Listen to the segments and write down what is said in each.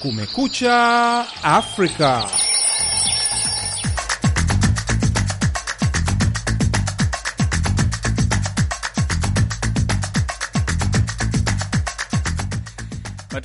Kumekucha, África.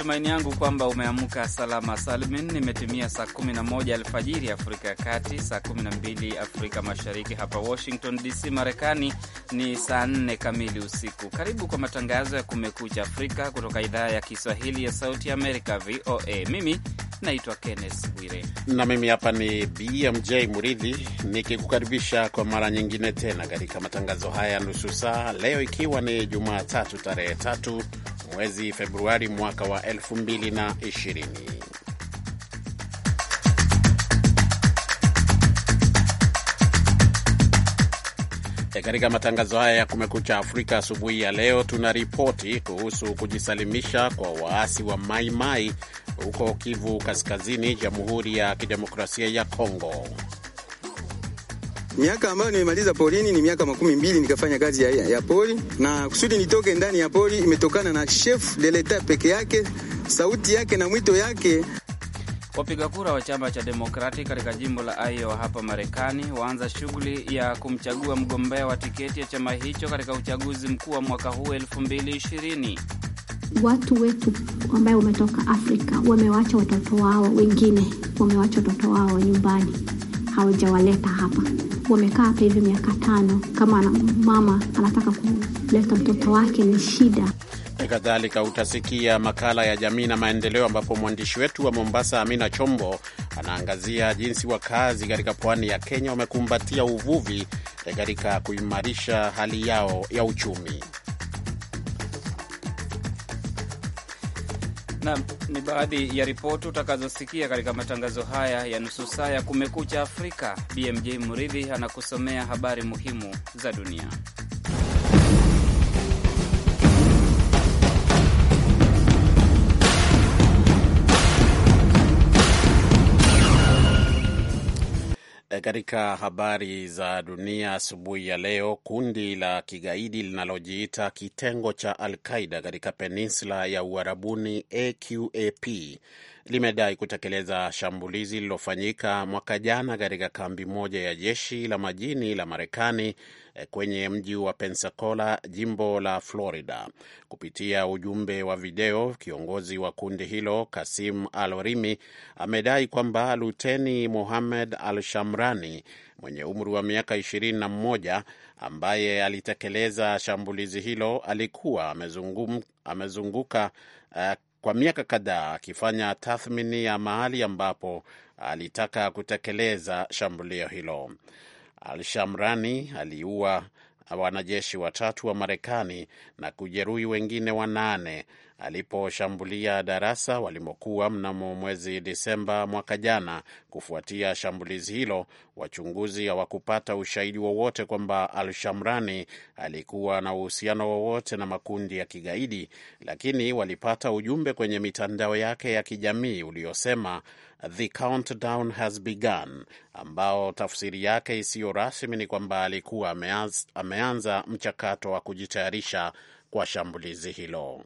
matumaini yangu kwamba umeamka salama salmin. Nimetimia saa 11 alfajiri Afrika ya Kati, saa 12 Afrika Mashariki. Hapa Washington DC, Marekani ni saa 4 kamili usiku. Karibu kwa matangazo ya Kumekucha Afrika kutoka idhaa ya Kiswahili ya Sauti Amerika, VOA. Mimi naitwa Kenneth Bwire na mimi hapa ni BMJ Muridhi nikikukaribisha kwa mara nyingine tena katika matangazo haya nusu saa, leo ikiwa ni Jumatatu tarehe tatu mwezi Februari mwaka wa 2020. E, katika matangazo haya ya Kumekucha Afrika asubuhi ya leo tuna ripoti kuhusu kujisalimisha kwa waasi wa Maimai huko Kivu Kaskazini, Jamhuri ya Kidemokrasia ya Kongo. Miaka ambayo nimemaliza polini ni miaka makumi mbili nikafanya kazi ya, ya poli, na kusudi nitoke ndani ya poli imetokana na chef de l'etat peke yake, sauti yake na mwito yake. Wapiga kura wa chama cha Demokrati katika jimbo la Iowa hapa Marekani waanza shughuli ya kumchagua mgombea wa tiketi ya chama hicho katika uchaguzi mkuu wa mwaka huu 2020. Watu wetu ambayo wametoka Afrika wamewacha watoto wao, wengine wamewacha watoto wao nyumbani hawajawaleta hapa. Wamekaa hapa hivi miaka tano. Kama mama anataka kuleta mtoto wake ni shida. Kadhalika utasikia makala ya jamii na maendeleo, ambapo mwandishi wetu wa Mombasa Amina Chombo anaangazia jinsi wakazi katika pwani ya Kenya wamekumbatia uvuvi katika kuimarisha hali yao ya uchumi. na ni baadhi ya ripoti utakazosikia katika matangazo haya ya nusu saa ya Kumekucha Afrika. BMJ Muridhi anakusomea habari muhimu za dunia. Katika habari za dunia asubuhi ya leo, kundi la kigaidi linalojiita kitengo cha Al Qaida katika peninsula ya Uarabuni, AQAP limedai kutekeleza shambulizi lililofanyika mwaka jana katika kambi moja ya jeshi la majini la Marekani eh, kwenye mji wa Pensacola, jimbo la Florida. Kupitia ujumbe wa video, kiongozi wa kundi hilo Kasim Rimi amedai kwamba Luteni Mohamed Al Shamrani mwenye umri wa miaka ishirini na mmoja ambaye alitekeleza shambulizi hilo alikuwa amezunguka eh, kwa miaka kadhaa akifanya tathmini ya mahali ambapo alitaka kutekeleza shambulio hilo. Alshamrani aliua wanajeshi watatu wa Marekani na kujeruhi wengine wanane aliposhambulia darasa walimokuwa mnamo mwezi Disemba mwaka jana. Kufuatia shambulizi hilo, wachunguzi hawakupata ushahidi wowote kwamba Al-Shamrani alikuwa na uhusiano wowote na makundi ya kigaidi, lakini walipata ujumbe kwenye mitandao yake ya kijamii uliosema The countdown has begun, ambao tafsiri yake isiyo rasmi ni kwamba alikuwa ameanza mchakato wa kujitayarisha kwa shambulizi hilo.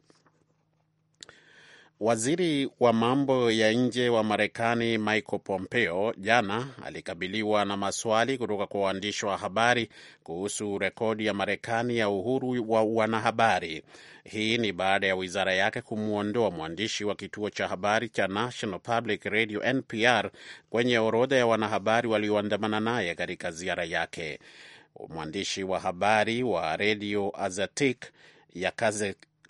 Waziri wa mambo ya nje wa Marekani Michael Pompeo jana alikabiliwa na maswali kutoka kwa waandishi wa habari kuhusu rekodi ya Marekani ya uhuru wa wanahabari. Hii ni baada ya wizara yake kumwondoa mwandishi wa kituo cha habari cha National Public Radio NPR kwenye orodha ya wanahabari walioandamana naye katika ziara yake. Mwandishi wa habari wa redio Azatik ya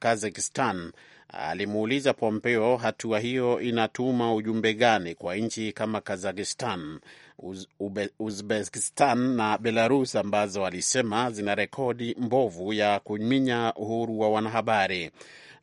Kazakhstan alimuuliza Pompeo hatua hiyo inatuma ujumbe gani kwa nchi kama Kazakhstan, Uzbekistan na Belarus ambazo alisema zina rekodi mbovu ya kuminya uhuru wa wanahabari.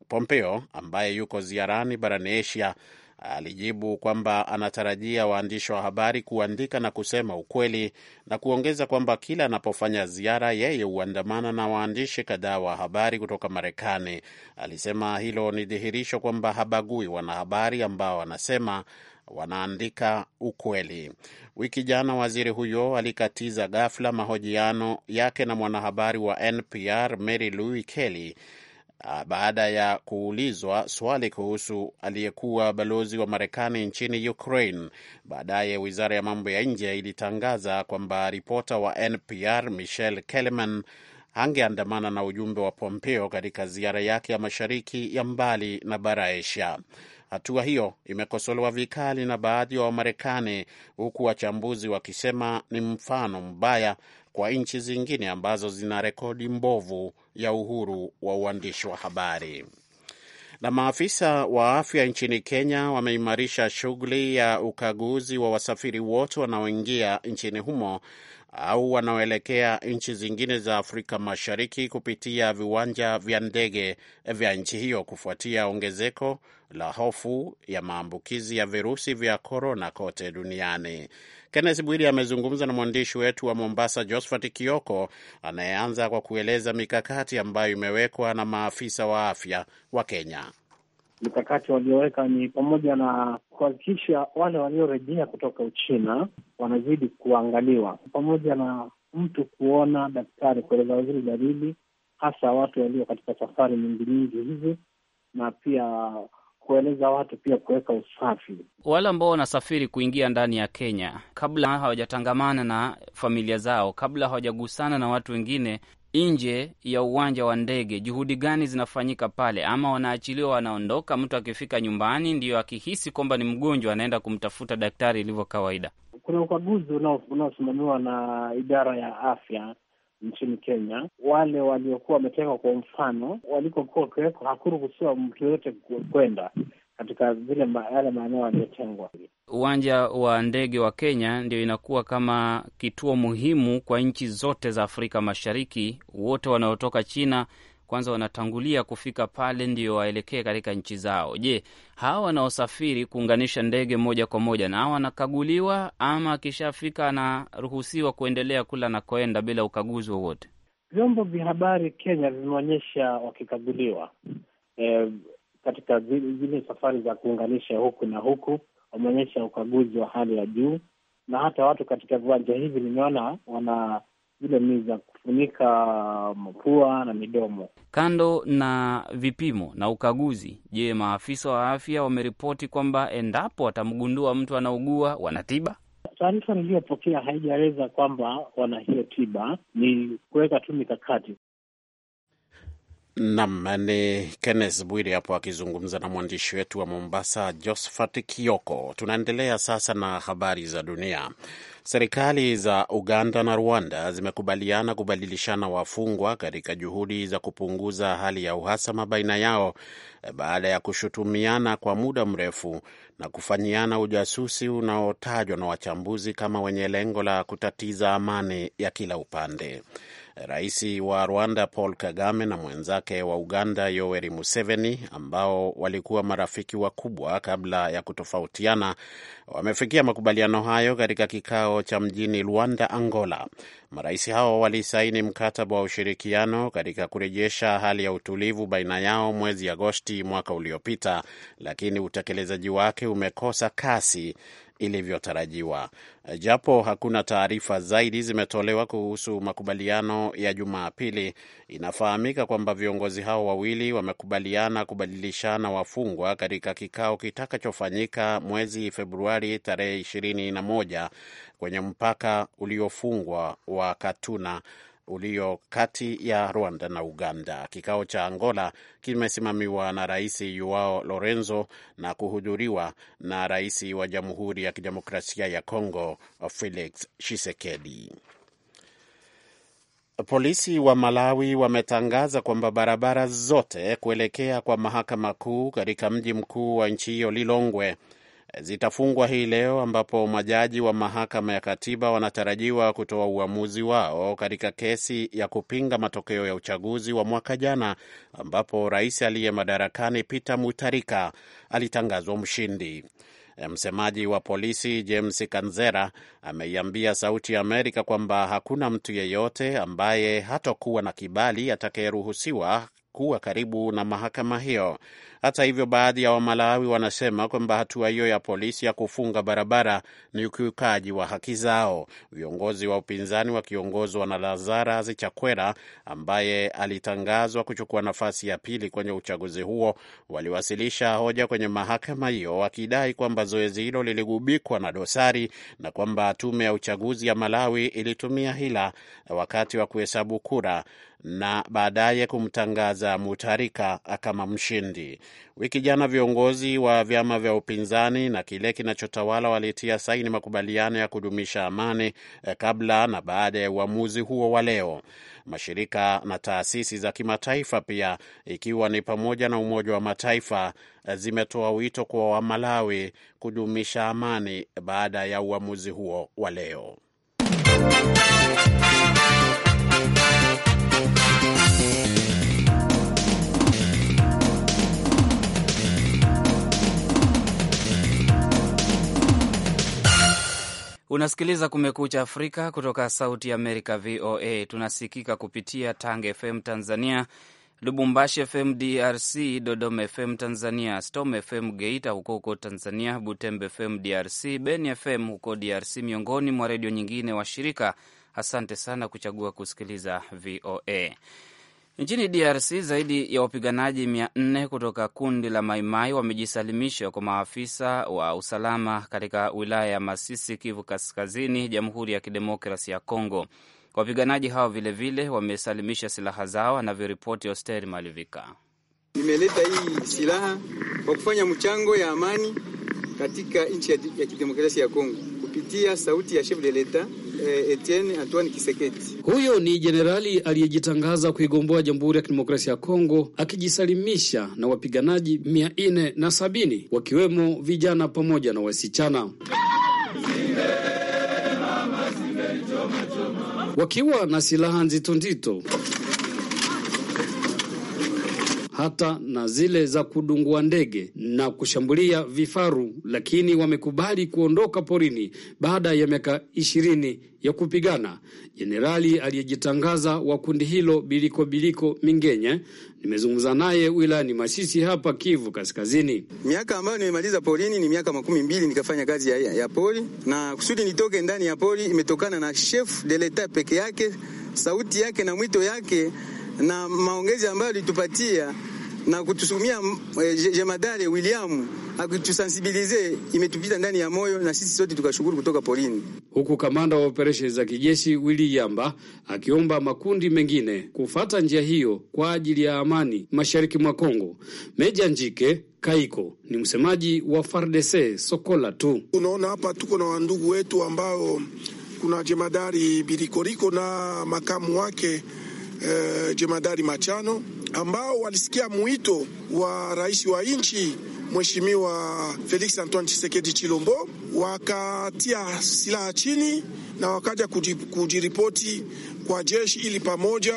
Pompeo ambaye yuko ziarani barani Asia alijibu kwamba anatarajia waandishi wa habari kuandika na kusema ukweli na kuongeza kwamba kila anapofanya ziara yeye huandamana na waandishi kadhaa wa habari kutoka Marekani. Alisema hilo ni dhihirisho kwamba habagui wanahabari ambao wanasema wanaandika ukweli. Wiki jana waziri huyo alikatiza ghafla mahojiano yake na mwanahabari wa NPR Mary Louise Kelly Ah, baada ya kuulizwa swali kuhusu aliyekuwa balozi wa Marekani nchini Ukraine. Baadaye wizara ya mambo ya nje ilitangaza kwamba ripota wa NPR Michelle Kellerman angeandamana na ujumbe wa Pompeo katika ziara yake ya mashariki ya mbali na bara Asia. Hatua hiyo imekosolewa vikali na baadhi ya Wamarekani, huku wachambuzi wakisema ni mfano mbaya kwa nchi zingine ambazo zina rekodi mbovu ya uhuru wa uandishi wa habari. Na maafisa wa afya nchini Kenya wameimarisha shughuli ya ukaguzi wa wasafiri wote wanaoingia nchini humo au wanaoelekea nchi zingine za Afrika Mashariki kupitia viwanja vya ndege vya nchi hiyo kufuatia ongezeko la hofu ya maambukizi ya virusi vya korona kote duniani. Kenneth Bwiri amezungumza na mwandishi wetu wa Mombasa, Josphat Kioko, anayeanza kwa kueleza mikakati ambayo imewekwa na maafisa wa afya wa Kenya. Mikakati walioweka ni pamoja na kuhakikisha wale waliorejea kutoka Uchina wanazidi kuangaliwa, pamoja na mtu kuona daktari kueleza waziri dalili, hasa watu walio katika safari nyingi nyingi hizi, na pia kueleza watu pia kuweka usafi. Wale ambao wanasafiri kuingia ndani ya Kenya kabla hawajatangamana na familia zao, kabla hawajagusana na watu wengine nje ya uwanja wa ndege, juhudi gani zinafanyika pale? Ama wanaachiliwa wanaondoka, mtu akifika nyumbani ndiyo akihisi kwamba ni mgonjwa anaenda kumtafuta daktari ilivyo kawaida? Kuna ukaguzi unaosimamiwa na idara ya afya nchini Kenya, wale waliokuwa wametekwa, kwa mfano, walikokuwa wakiwekwa, hakuruhusiwa mtu yoyote kwenda katika vile yale maeneo yaliyotengwa. Uwanja wa ndege wa Kenya ndio inakuwa kama kituo muhimu kwa nchi zote za Afrika Mashariki. Wote wanaotoka China kwanza wanatangulia kufika pale ndio waelekee katika nchi zao. Je, hawa wanaosafiri kuunganisha ndege moja kwa moja na hawa wanakaguliwa, ama akishafika anaruhusiwa kuendelea kula nakoenda bila ukaguzi wowote? Vyombo vya habari Kenya vimeonyesha wakikaguliwa e, katika zile safari za kuunganisha huku na huku wameonyesha ukaguzi wa hali ya juu, na hata watu katika viwanja hivi nimeona wana zile ni za kufunika mapua na midomo. Kando na vipimo na ukaguzi, je, maafisa wa afya wameripoti kwamba endapo watamgundua mtu anaugua wanatiba? Taarifa niliyopokea haijaweza kwamba wana hiyo tiba, ni kuweka tu mikakati. Nam ni Kenneth Bwiri hapo akizungumza na mwandishi wetu wa Mombasa, Josphat Kioko. Tunaendelea sasa na habari za dunia. Serikali za Uganda na Rwanda zimekubaliana kubadilishana wafungwa katika juhudi za kupunguza hali ya uhasama baina yao eh, baada ya kushutumiana kwa muda mrefu na kufanyiana ujasusi unaotajwa na wachambuzi kama wenye lengo la kutatiza amani ya kila upande. Rais wa Rwanda Paul Kagame na mwenzake wa Uganda Yoweri Museveni, ambao walikuwa marafiki wakubwa kabla ya kutofautiana, wamefikia makubaliano hayo katika kikao cha mjini Luanda, Angola. Marais hao walisaini mkataba wa ushirikiano katika kurejesha hali ya utulivu baina yao mwezi Agosti mwaka uliopita, lakini utekelezaji wake umekosa kasi ilivyotarajiwa, japo hakuna taarifa zaidi zimetolewa kuhusu makubaliano ya Jumapili. Inafahamika kwamba viongozi hao wawili wamekubaliana kubadilishana wafungwa katika kikao kitakachofanyika mwezi Februari tarehe ishirini na moja kwenye mpaka uliofungwa wa Katuna ulio kati ya Rwanda na Uganda. Kikao cha Angola kimesimamiwa na Rais yuao Lorenzo na kuhudhuriwa na Rais wa Jamhuri ya Kidemokrasia ya Kongo Felix Tshisekedi. Polisi wa Malawi wametangaza kwamba barabara zote kuelekea kwa mahakama kuu katika mji mkuu wa nchi hiyo Lilongwe zitafungwa hii leo ambapo majaji wa mahakama ya katiba wanatarajiwa kutoa uamuzi wao katika kesi ya kupinga matokeo ya uchaguzi wa mwaka jana ambapo rais aliye madarakani Peter Mutharika alitangazwa mshindi. Msemaji wa polisi James Kanzera ameiambia Sauti ya Amerika kwamba hakuna mtu yeyote ambaye hatokuwa na kibali atakayeruhusiwa kuwa karibu na mahakama hiyo. Hata hivyo, baadhi ya Wamalawi wanasema kwamba hatua hiyo ya polisi ya kufunga barabara ni ukiukaji wa haki zao. Viongozi wa upinzani wakiongozwa na Lazarus Chakwera ambaye alitangazwa kuchukua nafasi ya pili kwenye uchaguzi huo waliwasilisha hoja kwenye mahakama hiyo wakidai kwamba zoezi hilo liligubikwa na dosari na kwamba tume ya uchaguzi ya Malawi ilitumia hila wakati wa kuhesabu kura na baadaye kumtangaza Mutarika kama mshindi. Wiki jana viongozi wa vyama vya upinzani na kile kinachotawala walitia saini makubaliano ya kudumisha amani eh, kabla na baada ya uamuzi huo wa leo. Mashirika na taasisi za kimataifa pia, ikiwa ni pamoja na Umoja wa Mataifa, eh, zimetoa wito kwa Wamalawi kudumisha amani baada ya uamuzi huo wa leo. Unasikiliza Kumekucha Afrika kutoka Sauti Amerika, VOA. Tunasikika kupitia tange FM Tanzania, Lubumbashi FM DRC, Dodoma FM Tanzania, Storm FM Geita huko huko Tanzania, Butembe FM DRC, Beni FM huko DRC, miongoni mwa redio nyingine washirika. Asante sana kuchagua kusikiliza VOA. Nchini DRC zaidi ya wapiganaji mia nne kutoka kundi la Maimai wamejisalimisha kwa maafisa wa usalama katika wilaya ya Masisi, Kivu Kaskazini, Jamhuri ya Kidemokrasi ya congo Wapiganaji hao vilevile wamesalimisha silaha zao, anavyoripoti Oster Malivika. Nimeleta hii silaha kwa kufanya mchango ya amani katika nchi ya kidemokrasia ya Kongo kupitia sauti ya chef de l'etat eh, Etienne Antoine Kiseketi. Huyo ni jenerali aliyejitangaza kuigomboa Jamhuri ya Kidemokrasia ya Kongo akijisalimisha na wapiganaji mia nne na sabini wakiwemo vijana pamoja na wasichana wakiwa na silaha nzito nzito hata na zile za kudungua ndege na kushambulia vifaru, lakini wamekubali kuondoka porini baada ya miaka ishirini ya kupigana. Jenerali aliyejitangaza wa kundi hilo Biliko Biliko Mingenye, nimezungumza naye wilayani Masisi hapa Kivu Kaskazini. Miaka ambayo nimemaliza porini ni miaka makumi mbili nikafanya kazi ya, ya pori na kusudi nitoke ndani ya pori imetokana na chef de l'etat peke yake, sauti yake na mwito yake na maongezi ambayo alitupatia na kutusumia eh, jemadari William akitusensibilize imetupita ndani ya moyo na sisi sote tukashukuru kutoka porini. Huku kamanda wa operesheni za kijeshi willi Yamba akiomba makundi mengine kufata njia hiyo kwa ajili ya amani mashariki mwa Kongo. Meja Njike Kaiko ni msemaji wa FARDC Sokola tu. Unaona hapa tuko na wandugu wetu ambao kuna jemadari Birikoriko na makamu wake eh, jemadari Machano ambao walisikia mwito wa rais wa nchi Mheshimiwa Felix Antoine chisekedi Chilombo, wakatia silaha chini na wakaja kujiripoti kwa jeshi ili pamoja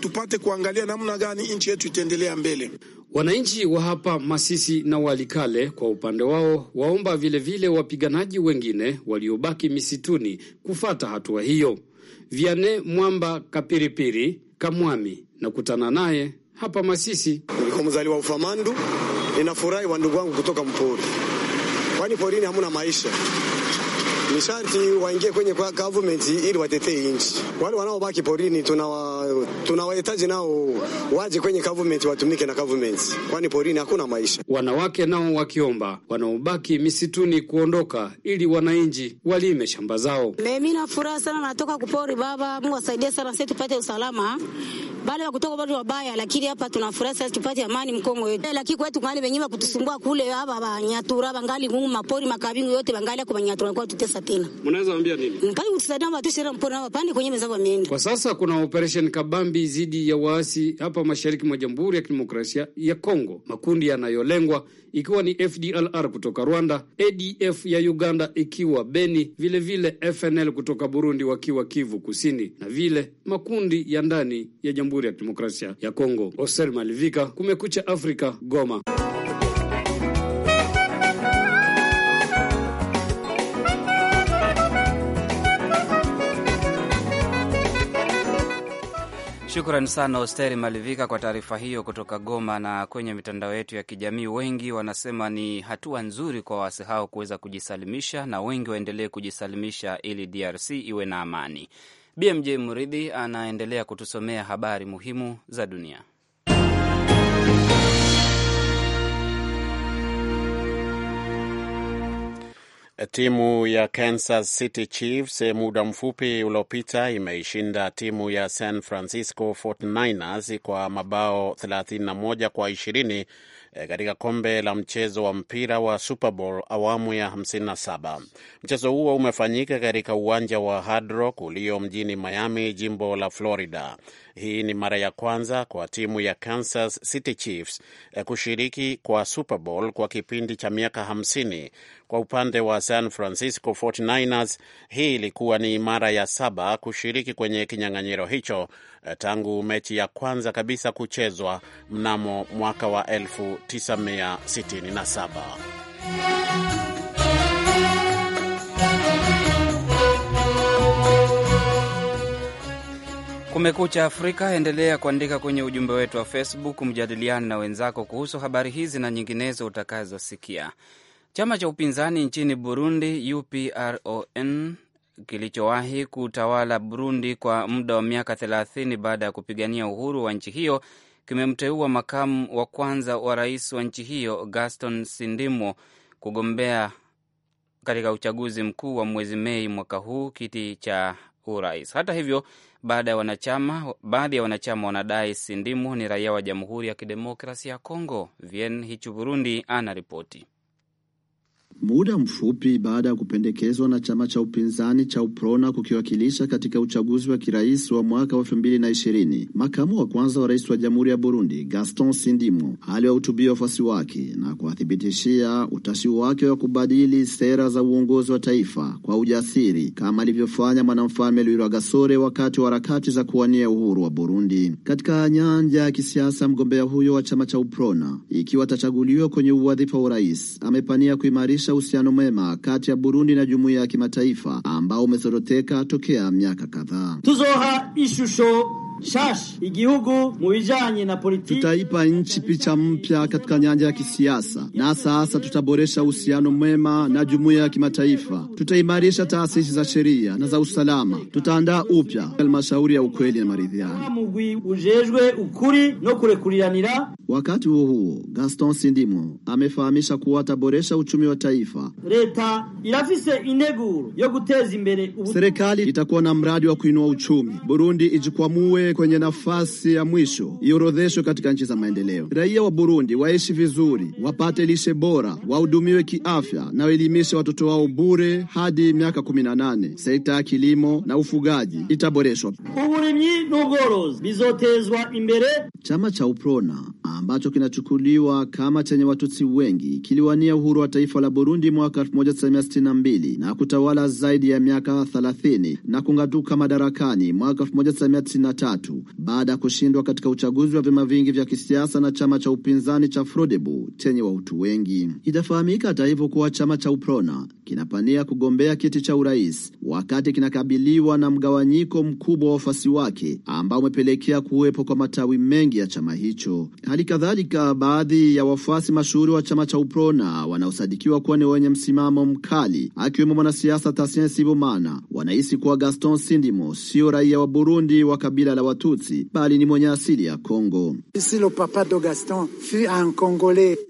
tupate kuangalia namna gani nchi yetu itaendelea mbele. Wananchi wa hapa Masisi na Walikale kwa upande wao waomba vilevile vile wapiganaji wengine waliobaki misituni kufata hatua hiyo. vianne Mwamba Kapiripiri Kamwami. Nakutana naye hapa Masisi. Nilikuwa mzaliwa Ufamandu, ninafurahi wa ndugu wangu kutoka Mpori, kwani porini hamuna maisha ni sharti waingie kwenye government ili watetee nchi. Wale wanaobaki porini tunawahitaji, tuna nao waje kwenye government watumike na government, kwani porini hakuna maisha. Wanawake nao wakiomba wanaobaki misituni kuondoka ili wananchi walime shamba zao. Mimi na furaha sana natoka kupori baba, Mungu asaidie sana sisi tupate usalama. Bale wakutoka bado wabaya, lakini hapa tunafurahi sasa tupate amani mkongo wetu. Eh, lakini kwetu ngani wenyewe kutusumbua kule hapa banyatura bangali ngumu mapori makabingu yote bangali kwa banyatura kwa tutesa tena. Mnaweza ambia nini? Mkali utusaidia na watesha mpona pande kwenye meza wameenda. Kwa sasa kuna operation kabambi zidi ya waasi hapa mashariki mwa Jamhuri ya Kidemokrasia ya Kongo. Makundi yanayolengwa ikiwa ni FDLR kutoka Rwanda, ADF ya Uganda ikiwa Beni, vile vile FNL kutoka Burundi wakiwa Kivu Kusini na vile makundi ya ndani ya Jamhuri ya Kidemokrasia ya Kongo. Oser Malivika, Kumekucha Afrika, Goma. shukran sana Osteri Malivika kwa taarifa hiyo kutoka Goma. Na kwenye mitandao yetu ya kijamii, wengi wanasema ni hatua nzuri kwa waasi hao kuweza kujisalimisha, na wengi waendelee kujisalimisha ili DRC iwe na amani. BMJ Muridhi anaendelea kutusomea habari muhimu za dunia. Timu ya Kansas City Chiefs eh, muda mfupi uliopita imeishinda timu ya San Francisco 49ers kwa mabao 31 kwa 20 eh, katika kombe la mchezo wa mpira wa Super Bowl awamu ya 57. Mchezo huo umefanyika katika uwanja wa Hard Rock ulio mjini Miami, jimbo la Florida. Hii ni mara ya kwanza kwa timu ya Kansas City Chiefs eh, kushiriki kwa Super Bowl kwa kipindi cha miaka 50. Kwa upande wa San Francisco 49ers, hii ilikuwa ni mara ya saba kushiriki kwenye kinyang'anyiro hicho eh, tangu mechi ya kwanza kabisa kuchezwa mnamo mwaka wa 1967. Kumekucha Afrika. Endelea kuandika kwenye ujumbe wetu wa Facebook, mjadiliani na wenzako kuhusu habari hizi na nyinginezo utakazosikia. Chama cha upinzani nchini Burundi, UPRON, kilichowahi kutawala Burundi kwa muda wa miaka 30 baada ya kupigania uhuru wa nchi hiyo kimemteua makamu wa kwanza wa rais wa nchi hiyo Gaston Sindimo kugombea katika uchaguzi mkuu wa mwezi Mei mwaka huu kiti cha urais. Hata hivyo baada ya wanachama, wanachama wanadai Sindimu ni raia wa Jamhuri ya Kidemokrasia ya congo Vien Hichu Burundi anaripoti muda mfupi baada ya kupendekezwa na chama cha upinzani cha UPRONA kukiwakilisha katika uchaguzi wa kirais wa mwaka wa elfu mbili na ishirini. Makamu wa kwanza wa rais wa jamhuri ya Burundi Gaston Sindimo aliwahutubia wafuasi wake na kuwathibitishia utashi wake wa kubadili sera za uongozi wa taifa kwa ujasiri kama alivyofanya mwanamfalme Lwiragasore wakati wa harakati za kuwania uhuru wa Burundi. Katika nyanja ya kisiasa, mgombea huyo wa chama cha UPRONA, ikiwa atachaguliwa kwenye uwadhifa wa urais, amepania kuimarisha kuimarisha uhusiano mwema kati ya Burundi na jumuiya ya kimataifa ambao umesoroteka tokea miaka kadhaa. Tutaipa nchi picha mpya katika nyanja ya kisiasa, na sasa tutaboresha uhusiano mwema na jumuiya ya kimataifa. Tutaimarisha taasisi za sheria na za usalama. Tutaandaa upya halmashauri ya ukweli na maridhiano. Wakati huo huo, Gaston Sindimo amefahamisha kuwa ataboresha uchumi wa taifa. Serikali itakuwa na mradi wa kuinua uchumi. Burundi ijikwamue kwenye nafasi ya mwisho iorodheshwe katika nchi za maendeleo. Raia wa Burundi waishi vizuri, wapate lishe bora, wahudumiwe kiafya na waelimishe watoto wao bure hadi miaka 18. Sekta ya kilimo na ufugaji itaboreshwa. Uburimyi n'ubworozi bizotezwa imbere. Chama cha UPRONA ambacho kinachukuliwa kama chenye Watutsi wengi kiliwania uhuru wa taifa la Burundi mwaka 1962 na kutawala zaidi ya miaka 30 na kung'atuka madarakani mwaka 1993 tatu baada ya kushindwa katika uchaguzi wa vyama vingi vya kisiasa na chama cha upinzani cha Frodebu chenye wautu wengi. Itafahamika hata hivyo kuwa chama cha Uprona kinapania kugombea kiti cha urais wakati kinakabiliwa na mgawanyiko mkubwa wa wafuasi wake ambao umepelekea kuwepo kwa matawi mengi ya chama hicho. Hali kadhalika, baadhi ya wafuasi mashuhuri wa chama cha Uprona wanaosadikiwa kuwa ni wenye msimamo mkali, akiwemo mwanasiasa Tasien Sibomana, wanahisi kuwa Gaston Sindimo sio raia wa Burundi wa kabila la la Watutsi bali ni mwenye asili ya Kongo.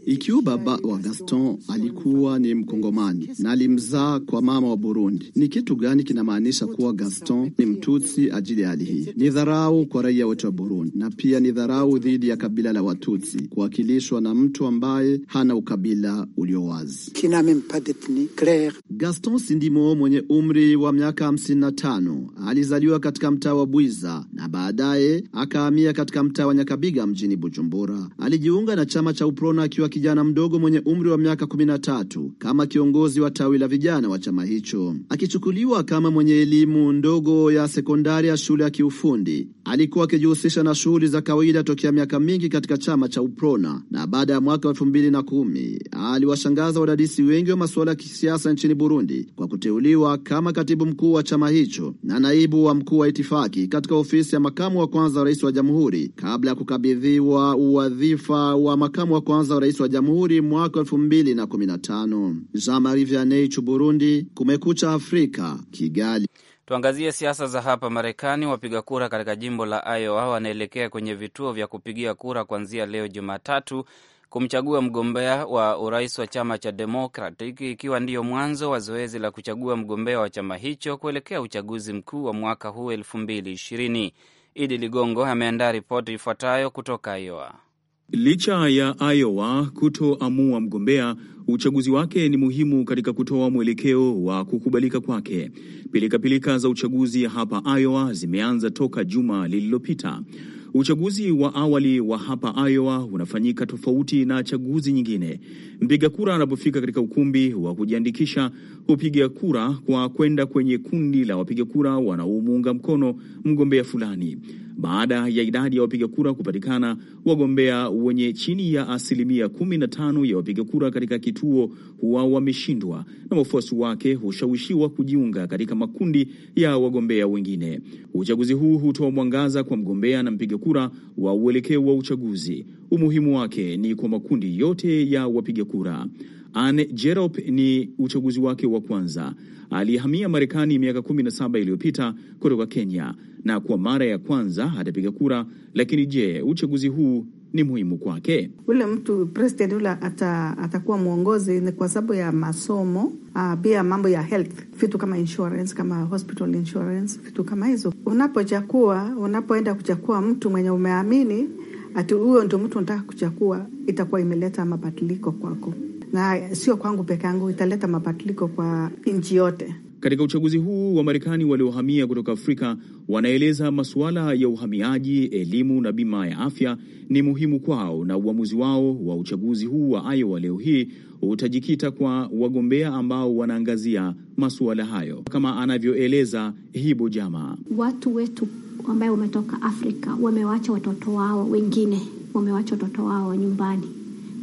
Ikiwa baba wa Gaston alikuwa ni Mkongomani na alimzaa kwa mama wa Burundi, ni kitu gani kinamaanisha kuwa Gaston ni Mtutsi ajili ya hali hii? Ni dharau kwa raia wote wa Burundi na pia ni dharau dhidi ya kabila la Watutsi kuwakilishwa na mtu ambaye hana ukabila ulio wazi. Gaston Sindimo mwenye umri wa miaka 55 alizaliwa katika mtaa wa Bwiza na Baadaye akahamia katika mtaa wa Nyakabiga mjini Bujumbura. Alijiunga na chama cha UPRONA akiwa kijana mdogo mwenye umri wa miaka 13 kama kiongozi wa tawi la vijana wa chama hicho. Akichukuliwa kama mwenye elimu ndogo ya sekondari ya shule ya kiufundi, alikuwa akijihusisha na shughuli za kawaida tokea miaka mingi katika chama cha UPRONA, na baada ya mwaka elfu mbili na kumi aliwashangaza wadadisi wengi wa masuala ya kisiasa nchini Burundi kwa kuteuliwa kama katibu mkuu wa chama hicho na naibu wa mkuu wa itifaki katika ofisi ya makamu wa kwanza wa rais wa jamhuri kabla ya kukabidhiwa uwadhifa wa makamu wa kwanza wa rais wa jamhuri mwaka tano. Jean Marie Vianney Burundi, Kumekucha Afrika, Kigali. Tuangazie siasa za hapa Marekani. Wapiga kura katika jimbo la Iowa wanaelekea kwenye vituo vya kupigia kura kuanzia leo Jumatatu kumchagua mgombea wa urais wa chama cha Democratic, ikiwa ndiyo mwanzo wa zoezi la kuchagua mgombea wa chama hicho kuelekea uchaguzi mkuu wa mwaka huu elfu mbili ishirini. Idi Ligongo ameandaa ripoti ifuatayo kutoka Iowa. Licha ya Iowa kutoamua mgombea, uchaguzi wake ni muhimu katika kutoa mwelekeo wa kukubalika kwake. Pilikapilika za uchaguzi hapa Iowa zimeanza toka juma lililopita. Uchaguzi wa awali wa hapa Iowa unafanyika tofauti na chaguzi nyingine. Mpiga kura anapofika katika ukumbi wa kujiandikisha hupiga kura kwa kwenda kwenye kundi la wapiga kura wanaomuunga mkono mgombea fulani baada ya idadi ya wapiga kura kupatikana, wagombea wenye chini ya asilimia 15 ya wapiga kura katika kituo huwa wameshindwa na wafuasi wake hushawishiwa kujiunga katika makundi ya wagombea wengine. Uchaguzi huu hutoa mwangaza kwa mgombea na mpiga kura wa uelekeo wa uchaguzi. Umuhimu wake ni kwa makundi yote ya wapiga kura. Anne Jerop ni uchaguzi wake wa kwanza aliyehamia Marekani miaka 17 iliyopita kutoka Kenya na kwa mara ya kwanza atapiga kura. Lakini je, uchaguzi huu ni muhimu kwake? Ule mtu president ule ata, atakuwa mwongozi ni kwa sababu ya masomo ah, pia, uh, mambo ya health, vitu kama insurance, kama hospital insurance, vitu kama hizo. Unapochakua, unapoenda kuchakua mtu mwenye umeamini ati huyo ndio mtu unataka kuchakua, itakuwa imeleta mabadiliko kwako na sio kwangu peke yangu, italeta mabadiliko kwa nchi yote. Katika uchaguzi huu wa Marekani, waliohamia kutoka Afrika wanaeleza masuala ya uhamiaji, elimu na bima ya afya ni muhimu kwao, na uamuzi wao wa uchaguzi huu wa Iowa leo hii utajikita kwa wagombea ambao wanaangazia masuala hayo, kama anavyoeleza Hibo Jama. Watu wetu ambao wametoka Afrika wamewacha watoto wao, wengine wamewacha watoto wao nyumbani,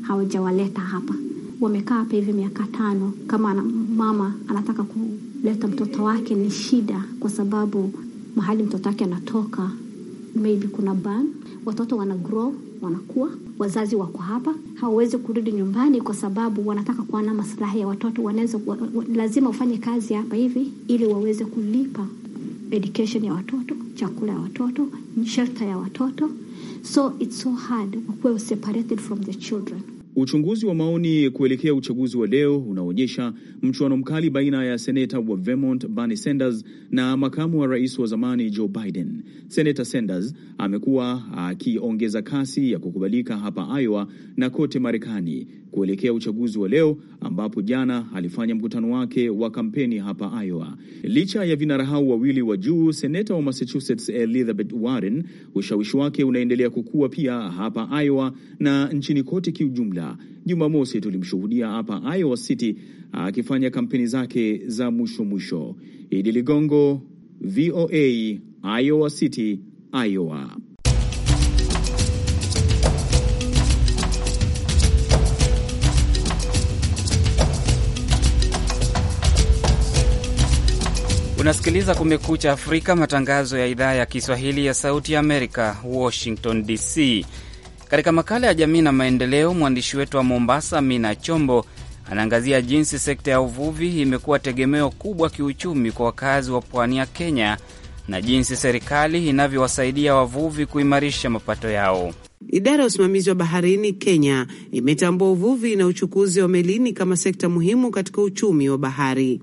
hawajawaleta hapa wamekaa hapa hivi miaka tano. Kama mama anataka kuleta mtoto wake ni shida, kwa sababu mahali mtoto wake anatoka maybe kuna ban, watoto wana grow, wanakuwa wazazi wako hapa, hawawezi kurudi nyumbani kwa sababu wanataka na maslahi ya watoto. Wanaweza wa, wa, lazima ufanye kazi hapa hivi ili waweze kulipa education ya watoto, chakula ya watoto, shelter ya watoto, so it's so hard wakuwe separated from the children. Uchunguzi wa maoni kuelekea uchaguzi wa leo unaonyesha mchuano mkali baina ya seneta wa Vermont Bernie Sanders na makamu wa rais wa zamani Joe Biden. Seneta Sanders amekuwa akiongeza kasi ya kukubalika hapa Iowa na kote Marekani kuelekea uchaguzi wa leo, ambapo jana alifanya mkutano wake wa kampeni hapa Iowa. Licha ya vinara wawili wa juu, seneta wa Massachusetts Elizabeth Warren, ushawishi wake unaendelea kukua pia hapa Iowa na nchini kote kiujumla juma Jumamosi tulimshuhudia hapa Iowa City ah, akifanya kampeni zake za mwisho mwisho. Idi Ligongo, VOA, Iowa City, Iowa. Unasikiliza Kumekucha Afrika, matangazo ya idhaa ya Kiswahili ya Sauti ya Amerika, Washington DC. Katika makala ya jamii na maendeleo, mwandishi wetu wa Mombasa, Mina Chombo, anaangazia jinsi sekta ya uvuvi imekuwa tegemeo kubwa kiuchumi kwa wakazi wa pwani ya Kenya na jinsi serikali inavyowasaidia wavuvi kuimarisha mapato yao. Idara ya usimamizi wa baharini Kenya imetambua uvuvi na uchukuzi wa melini kama sekta muhimu katika uchumi wa bahari.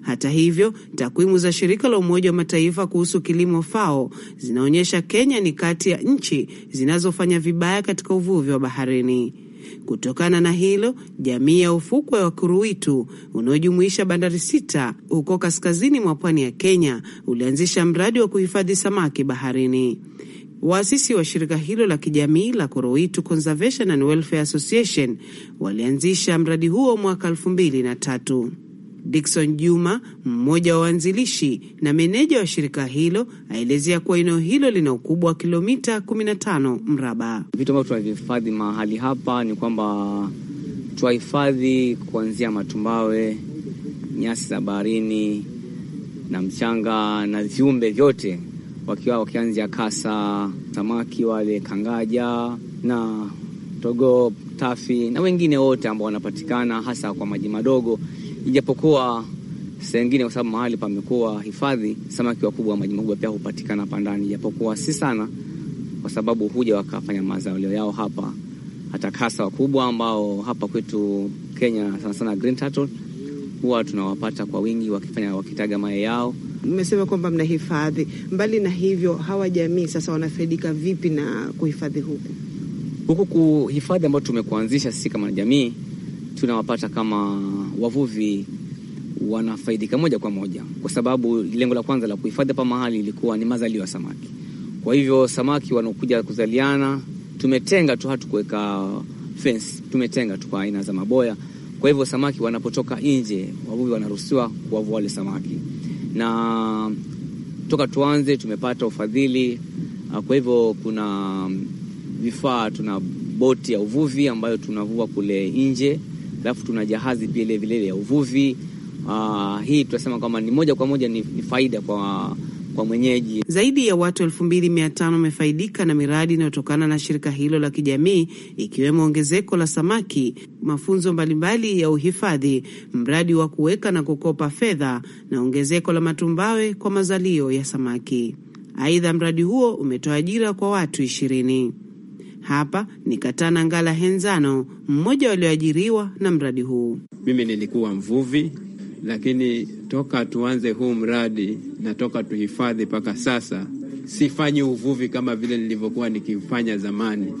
Hata hivyo, takwimu za shirika la Umoja wa Mataifa kuhusu kilimo FAO zinaonyesha Kenya ni kati ya nchi zinazofanya vibaya katika uvuvi wa baharini. Kutokana na hilo, jamii ya ufukwe wa Kuruitu unaojumuisha bandari sita huko kaskazini mwa pwani ya Kenya ulianzisha mradi wa kuhifadhi samaki baharini. Waasisi wa shirika hilo la kijamii la Kuruitu Conservation and Welfare Association walianzisha mradi huo mwaka elfu mbili na tatu dikson Juma, mmoja wa waanzilishi na meneja wa shirika hilo, aelezea kuwa eneo hilo lina ukubwa wa kilomita 15 mraba. Vitu ambavyo tunavyohifadhi mahali hapa ni kwamba tuwahifadhi kuanzia matumbawe, nyasi za baharini na mchanga na viumbe vyote, wakiwa wakianzia kasa, samaki wale, kangaja na togo, tafi na wengine wote ambao wanapatikana hasa kwa maji madogo ijapokuwa sehemu nyingine, kwa sababu mahali pamekuwa hifadhi, samaki wakubwa wa maji makubwa pia hupatikana hapa ndani, ijapokuwa si sana, kwa sababu huja wakafanya mazalio yao hapa, hata kasa wakubwa ambao hapa kwetu Kenya sana sana green turtle huwa tunawapata kwa wingi wakifanya wakitaga mayai yao. Mmesema kwamba mna hifadhi, Mbali na hivyo, hawa jamii sasa wanafaidika vipi na kuhifadhi huku? Huku kuhifadhi ambayo tumekuanzisha sisi kama jamii tunawapata kama wavuvi wanafaidika moja kwa moja, kwa sababu lengo la kwanza la kuhifadhi hapa mahali ilikuwa ni mazalio ya samaki. Kwa hivyo samaki wanaokuja kuzaliana tumetenga tu, hatukuweka fence, tumetenga tu kwa aina za maboya. Kwa hivyo samaki wanapotoka nje, wavuvi wanaruhusiwa kuwavua wale samaki, na toka tuanze tumepata ufadhili. Kwa hivyo kuna vifaa, tuna boti ya uvuvi ambayo tunavua kule nje alafu tuna jahazi pia ile vile ya uvuvi. Uh, hii tunasema kwamba ni moja kwa moja ni, ni faida kwa kwa mwenyeji. Zaidi ya watu elfu mbili mia tano wamefaidika na miradi inayotokana na shirika hilo la kijamii ikiwemo ongezeko la samaki, mafunzo mbalimbali ya uhifadhi, mradi wa kuweka na kukopa fedha na ongezeko la matumbawe kwa mazalio ya samaki. Aidha, mradi huo umetoa ajira kwa watu ishirini. Hapa ni Katana Ngala Henzano, mmoja walioajiriwa na mradi huu. Mimi nilikuwa mvuvi, lakini toka tuanze huu mradi na toka tuhifadhi mpaka sasa sifanyi uvuvi kama vile nilivyokuwa nikifanya zamani,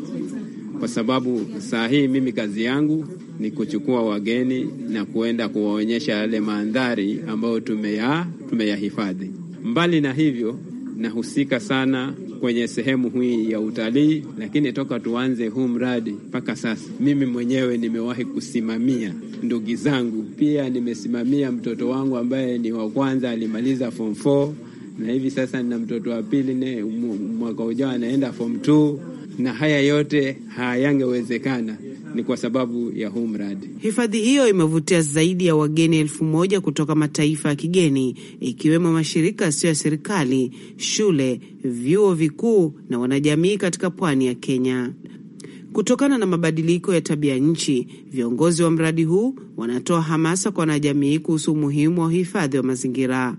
kwa sababu saa hii mimi kazi yangu ni kuchukua wageni na kuenda kuwaonyesha yale mandhari ambayo tumeya tumeyahifadhi. Mbali na hivyo, nahusika sana kwenye sehemu hii ya utalii, lakini toka tuanze huu mradi mpaka sasa, mimi mwenyewe nimewahi kusimamia ndugu zangu, pia nimesimamia mtoto wangu ambaye ni wa kwanza, alimaliza form 4 na hivi sasa nina mtoto wa pili ne, mwaka ujao anaenda form 2 na haya yote hayangewezekana ni kwa sababu ya huu mradi. Hifadhi hiyo imevutia zaidi ya wageni elfu moja kutoka mataifa ya kigeni ikiwemo mashirika yasiyo ya serikali, shule, vyuo vikuu na wanajamii katika pwani ya Kenya. Kutokana na mabadiliko ya tabia nchi, viongozi wa mradi huu wanatoa hamasa kwa wanajamii kuhusu umuhimu wa uhifadhi wa mazingira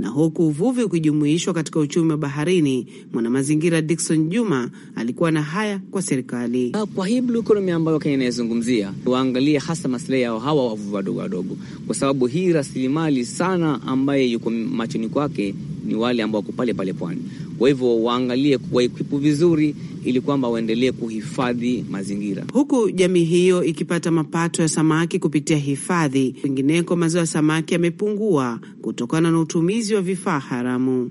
na huku uvuvi ukijumuishwa katika uchumi wa baharini, mwanamazingira Dickson Juma alikuwa na haya kwa serikali. Ah, kwa hii blue economy ambayo Kenya inayozungumzia, waangalie hasa maslahi yao hawa wavuvi wadogo wadogo, kwa sababu hii rasilimali sana ambaye yuko machoni kwake ni wale ambao wako pale pale pwani. Kwa hivyo waangalie waikipu vizuri, ili kwamba waendelee kuhifadhi mazingira, huku jamii hiyo ikipata mapato ya samaki kupitia hifadhi. Kwingineko, mazao ya samaki yamepungua kutokana na utumizi wa vifaa haramu.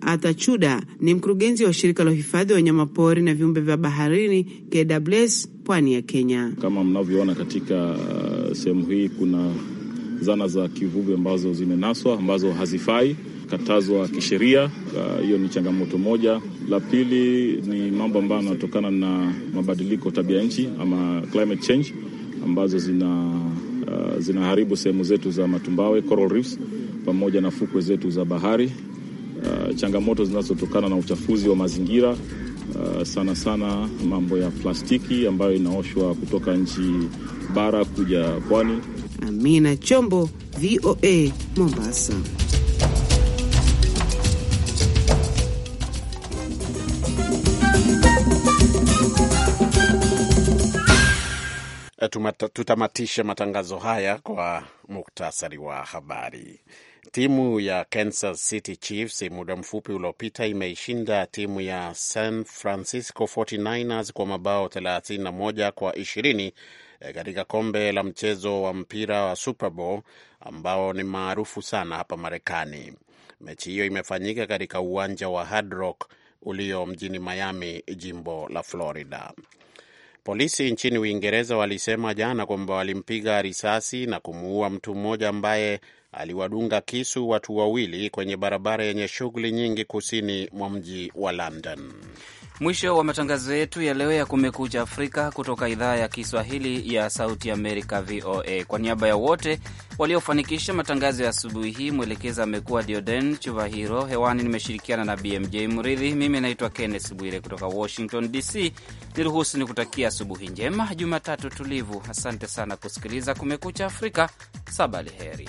Arthur Chuda ni mkurugenzi wa shirika la uhifadhi wa wanyamapori na viumbe vya baharini KWS pwani ya Kenya. Kama mnavyoona katika uh, sehemu hii kuna zana za kivuvi ambazo zimenaswa ambazo hazifai kukatazwa kisheria. Ah, hiyo uh, ni changamoto moja. La pili ni mambo ambayo yanatokana na mabadiliko tabia nchi ama climate change ambazo zina uh, zinaharibu sehemu zetu za matumbawe coral reefs, pamoja na fukwe zetu za bahari. Uh, changamoto zinazotokana na uchafuzi wa mazingira uh, sana sana mambo ya plastiki ambayo inaoshwa kutoka nchi bara kuja pwani. Amina Chombo, VOA, Mombasa. tutamatishe matangazo haya kwa muktasari wa habari. Timu ya Kansas City Chiefs muda mfupi uliopita imeishinda timu ya San Francisco 49ers kwa mabao 31 kwa 20 eh, katika kombe la mchezo wa mpira wa Super Bowl ambao ni maarufu sana hapa Marekani. Mechi hiyo imefanyika katika uwanja wa Hard Rock ulio mjini Miami, jimbo la Florida. Polisi nchini Uingereza walisema jana kwamba walimpiga risasi na kumuua mtu mmoja ambaye aliwadunga kisu watu wawili kwenye barabara yenye shughuli nyingi kusini mwa mji wa London. Mwisho wa matangazo yetu ya leo ya Kumekucha Afrika kutoka idhaa ya Kiswahili ya Sauti Amerika, VOA. Kwa niaba ya wote waliofanikisha matangazo ya asubuhi hii, mwelekezi amekuwa Dioden Chuvahiro. Hewani nimeshirikiana na BMJ Mridhi. Mimi naitwa Kenneth Bwire kutoka Washington DC. Niruhusu ni kutakia asubuhi njema, Jumatatu tulivu. Asante sana kusikiliza Kumekucha Afrika. Sabali heri.